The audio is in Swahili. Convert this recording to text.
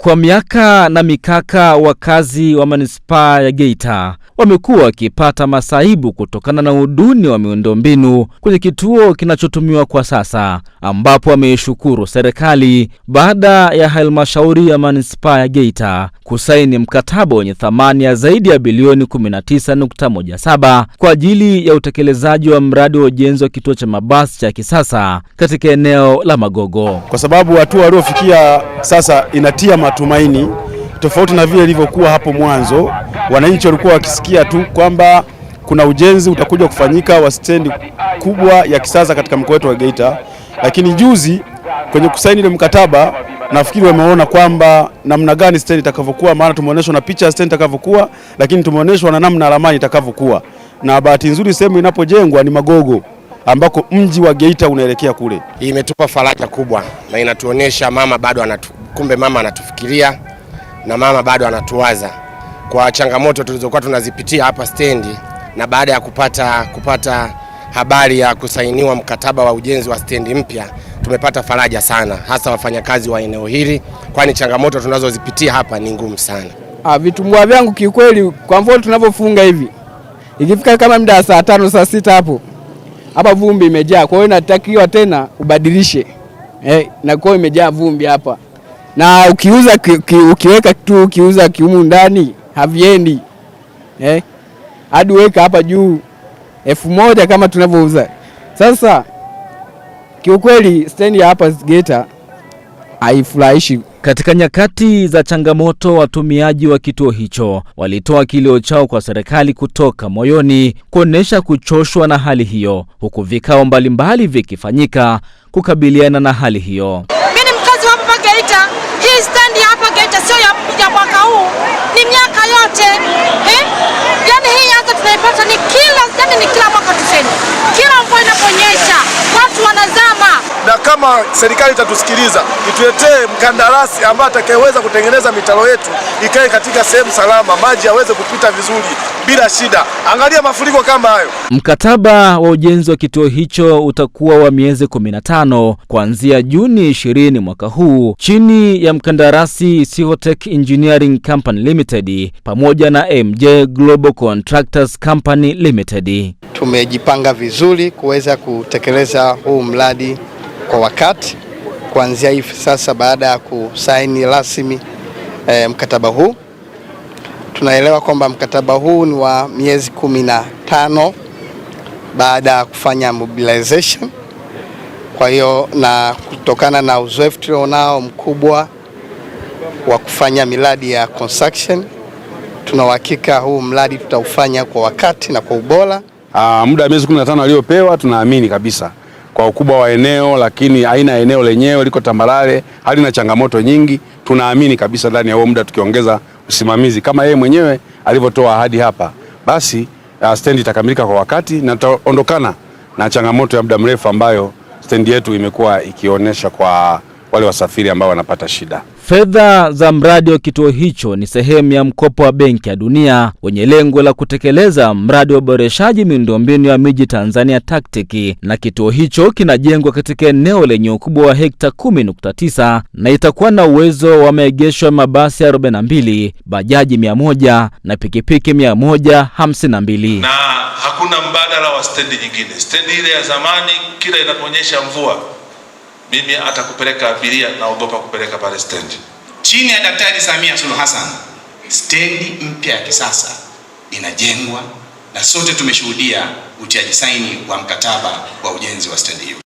Kwa miaka na mikaka, wakazi wa manispaa ya Geita wamekuwa wakipata masaibu kutokana na uduni wa miundombinu kwenye kituo kinachotumiwa kwa sasa, ambapo wameishukuru serikali baada ya halmashauri ya manispaa ya Geita kusaini mkataba wenye thamani ya zaidi ya bilioni 19.17 kwa ajili ya utekelezaji wa mradi wa ujenzi wa kituo cha mabasi cha kisasa katika eneo la Magogo, kwa sababu hatua waliofikia sasa inatia matumaini tofauti na vile ilivyokuwa hapo mwanzo wananchi walikuwa wakisikia tu kwamba kuna ujenzi utakuja kufanyika wa stendi kubwa ya kisasa katika mkoa wetu wa Geita, lakini juzi kwenye kusaini ile mkataba nafikiri wameona kwamba namna gani stendi itakavyokuwa, maana tumeonyeshwa na picha ya stendi itakavyokuwa, lakini tumeonyeshwa na namna ramani itakavyokuwa. Na bahati nzuri sehemu inapojengwa ni Magogo ambako mji wa Geita unaelekea kule. Imetupa faraja kubwa na inatuonyesha mama bado anatu, kumbe mama anatufikiria na mama bado anatuwaza kwa changamoto tulizokuwa tunazipitia hapa stendi, na baada ya kupata, kupata habari ya kusainiwa mkataba wa ujenzi wa stendi mpya tumepata faraja sana, hasa wafanyakazi wa eneo hili, kwani changamoto tunazozipitia hapa ni ngumu sana. Ah, vitumbua vyangu kiukweli, kwa mfano tunavyofunga hivi, ikifika kama muda wa saa tano saa sita hapo hapa vumbi imejaa, kwa hiyo natakiwa tena ubadilishe eh, na kwa imejaa vumbi hapa, na ukiuza ki, ki, ukiweka tu ukiuza kiumu ndani haviendi eh? hadi weka hapa juu elfu moja kama tunavyouza sasa. Kiukweli stendi ya hapa Geita haifurahishi. Katika nyakati za changamoto, watumiaji wa kituo hicho walitoa kilio chao kwa serikali kutoka moyoni kuonesha kuchoshwa na hali hiyo, huku vikao mbalimbali vikifanyika kukabiliana na hali hiyo. Mimi ni mkazi wa hapa Geita. Hii stendi hapa Geita sio ya mwaka huu, ni miaka yote eh? Yani hii hata tunaipata kama serikali itatusikiliza ituletee mkandarasi ambaye atakayeweza kutengeneza mitaro yetu ikae katika sehemu salama, maji yaweze kupita vizuri bila shida. Angalia mafuriko kama hayo. Mkataba wa ujenzi wa kituo hicho utakuwa wa miezi 15 kuanzia Juni 20 mwaka huu chini ya mkandarasi Sihotech Engineering Company Limited pamoja na MJ Global Contractors Company Limited. Tumejipanga vizuri kuweza kutekeleza huu mradi kwa wakati kuanzia hivi sasa baada ya kusaini rasmi e, mkataba huu. Tunaelewa kwamba mkataba huu ni wa miezi kumi na tano baada ya kufanya mobilization. Kwa hiyo na kutokana na uzoefu tulionao mkubwa wa kufanya miradi ya construction, tuna uhakika huu mradi tutaufanya kwa wakati na kwa ubora. Aa, ah, muda wa miezi 15 aliyopewa tunaamini kabisa kwa ukubwa wa eneo, lakini aina ya eneo lenyewe liko tambarare, halina changamoto nyingi. Tunaamini kabisa ndani ya huo muda tukiongeza usimamizi kama yeye mwenyewe alivyotoa ahadi hapa, basi uh, stendi itakamilika kwa wakati na tutaondokana na changamoto ya muda mrefu ambayo stendi yetu imekuwa ikionyesha kwa wale wasafiri ambao wanapata shida. Fedha za mradi wa kituo hicho ni sehemu ya mkopo wa Benki ya Dunia wenye lengo la kutekeleza mradi wa uboreshaji miundombinu ya miji Tanzania TACTIC, na kituo hicho kinajengwa katika eneo lenye ukubwa wa hekta 10.9 na itakuwa na uwezo wa maegesho ya mabasi 42, bajaji 100 na pikipiki 152 na hakuna mbadala wa stendi nyingine. Stendi ile ya zamani kila inapoonyesha mvua mimi hata kupeleka abiria naogopa kupeleka pale stendi. Chini ya Daktari Samia Suluhu Hassan, stendi mpya ya kisasa inajengwa na sote tumeshuhudia utiaji saini wa mkataba wa ujenzi wa stendi hiyo.